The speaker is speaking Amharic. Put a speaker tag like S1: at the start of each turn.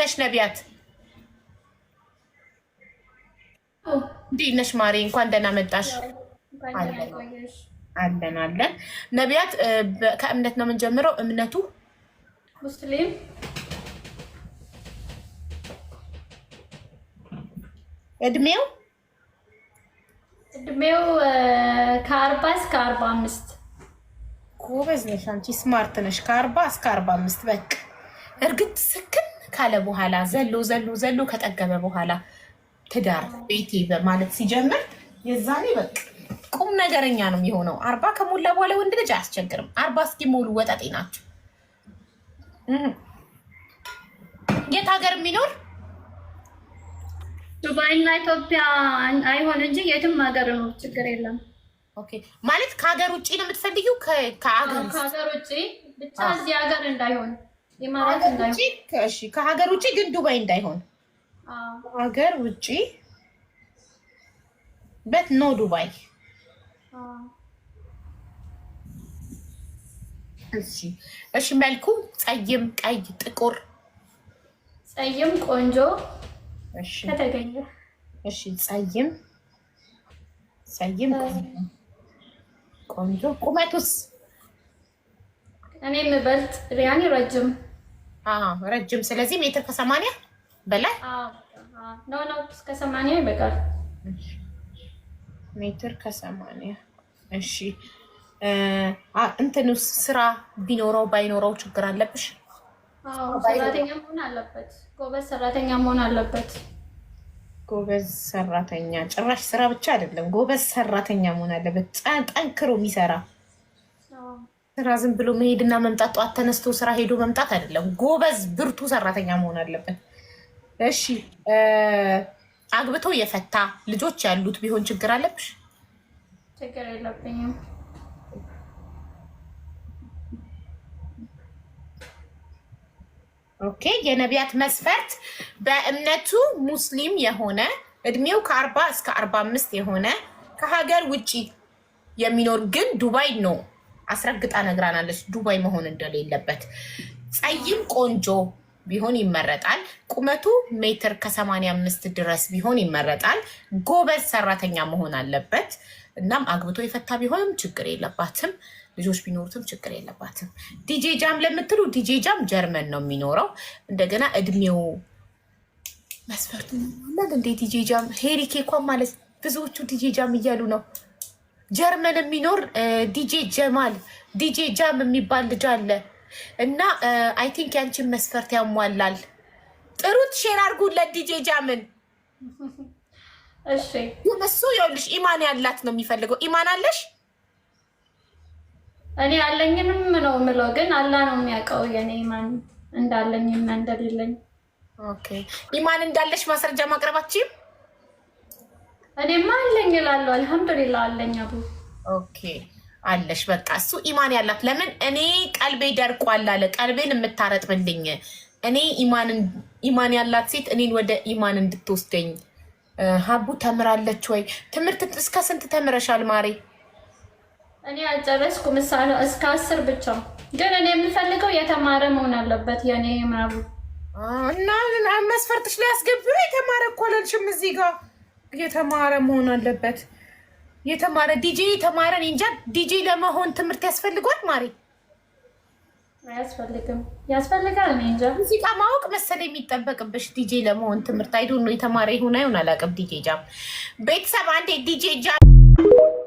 S1: ነሽ ነቢያት? እንዴት ነሽ ማሬ? እንኳን ደህና መጣሽ። አለን አለን። ነቢያት ከእምነት ነው የምንጀምረው። እምነቱ ሙስሊም እድሜው
S2: እድሜው ከአርባ እስከ አርባ አምስት
S1: ጎበዝ ነሽ አንቺ ስማርት ነሽ። ከአርባ እስከ አርባ አምስት በቃ እርግጥ ስክን ካለ በኋላ ዘሎ ዘሎ ዘሎ ከጠገበ በኋላ ትዳር ቤቴ ማለት ሲጀምር የዛኔ በቃ ቁም ነገረኛ ነው የሚሆነው። አርባ ከሞላ በኋላ ወንድ ልጅ አያስቸግርም። አርባ እስኪሞሉ ወጠጤ ናቸው። የት ሀገር የሚኖር
S2: ዱባይና ኢትዮጵያ አይሆን እንጂ የትም ሀገር ነው ችግር የለም።
S1: ኦኬ ማለት ከሀገር ውጭ ነው የምትፈልጊው? ከሀገር
S2: ውጭ ብቻ እዚህ ሀገር እንዳይሆን
S1: ከሀገር ውጭ ግን ዱባይ እንዳይሆን ሀገር ውጭ በት ኖ ዱባይ። እሺ እሺ። መልኩ ፀይም፣ ቀይ፣ ጥቁር።
S2: ፀይም ቆንጆ ከተገኘ።
S1: እሺ። ፀይም ፀይም ቆንጆ። ቁመቱስ?
S2: እኔ የምበልጥ ሪያኒ ረጅም
S1: ረጅም ስለዚህ ሜትር ከሰማንያ በላይ
S2: እስከ ሰማንያ ይበቃል።
S1: ሜትር ከሰማንያ እሺ። እንትን ስራ ቢኖረው ባይኖረው ችግር አለብሽ?
S2: ሰራተኛ መሆን አለበት። ጎበዝ ሰራተኛ መሆን አለበት።
S1: ጎበዝ ሰራተኛ ጭራሽ ስራ ብቻ አይደለም፣ ጎበዝ ሰራተኛ መሆን አለበት። ጠንክሮ የሚሰራ ስራ ዝም ብሎ መሄድና መምጣት ጠዋት ተነስቶ ስራ ሄዶ መምጣት አይደለም። ጎበዝ ብርቱ ሰራተኛ መሆን አለብን። እሺ አግብቶ የፈታ ልጆች ያሉት ቢሆን ችግር አለብሽ?
S2: ችግር የለብኝም።
S1: ኦኬ የነቢያት መስፈርት በእምነቱ ሙስሊም የሆነ እድሜው ከአርባ እስከ አርባ አምስት የሆነ ከሀገር ውጭ የሚኖር ግን ዱባይ ነው አስረግጣ ነግራናለች ዱባይ መሆን እንደሌለበት። ፀይም ቆንጆ ቢሆን ይመረጣል። ቁመቱ ሜትር ከሰማንያ አምስት ድረስ ቢሆን ይመረጣል። ጎበዝ ሰራተኛ መሆን አለበት። እናም አግብቶ የፈታ ቢሆንም ችግር የለባትም። ልጆች ቢኖሩትም ችግር የለባትም። ዲጄ ጃም ለምትሉ ዲጄ ጃም ጀርመን ነው የሚኖረው። እንደገና እድሜው መስፈርቱ እንዴ ዲጄ ጃም ሄሪኬኳን ማለት ብዙዎቹ ዲጄ ጃም እያሉ ነው። ጀርመን የሚኖር ዲጄ ጀማል ዲጄ ጃም የሚባል ልጅ አለ እና አይ ቲንክ ያንቺን መስፈርት ያሟላል። ጥሩት፣ ሼር አድርጉለት ዲጄ ጃምን። እሱ ይኸውልሽ ኢማን ያላት ነው የሚፈልገው። ኢማን አለሽ?
S2: እኔ አለኝንም ነው የምለው፣ ግን አላ ነው የሚያውቀው የኔ ኢማን እና እንደሌለኝ።
S1: ኦኬ ኢማን እንዳለሽ ማስረጃ ማቅረባችም
S2: እኔማ አለኝ እላለሁ። አልሐምዱሊላ አለኝ አቡ
S1: ኦኬ አለሽ በቃ እሱ ኢማን ያላት ለምን እኔ ቀልቤ ደርቋል አለ። ቀልቤን የምታረጥብልኝ እኔ ኢማን ያላት ሴት እኔን ወደ ኢማን እንድትወስደኝ። ሀቡ ተምራለች ወይ? ትምህርት እስከ ስንት ተምረሻል ማሬ?
S2: እኔ አልጨረስኩም። እስከ አስር ብቻ። ግን እኔ የምፈልገው የተማረ መሆን አለበት። የኔ ምናቡ
S1: እና መስፈርትሽ ላይ አስገቢው የተማረ እኮ እዚህ ጋር የተማረ መሆን አለበት። የተማረ ዲጄ የተማረ እኔ እንጃ። ዲጄ ለመሆን ትምህርት ያስፈልጓል? ማሪ
S2: አያስፈልግም? ያስፈልጋል። እኔ እንጃ።
S1: ሙዚቃ ማወቅ መሰለ የሚጠበቅብሽ ዲጄ ለመሆን ትምህርት አይዱ የተማረ ይሁን አይሆን አላውቅም። ዲጄ ጃም ቤተሰብ አንዴ ዲጄ ጃም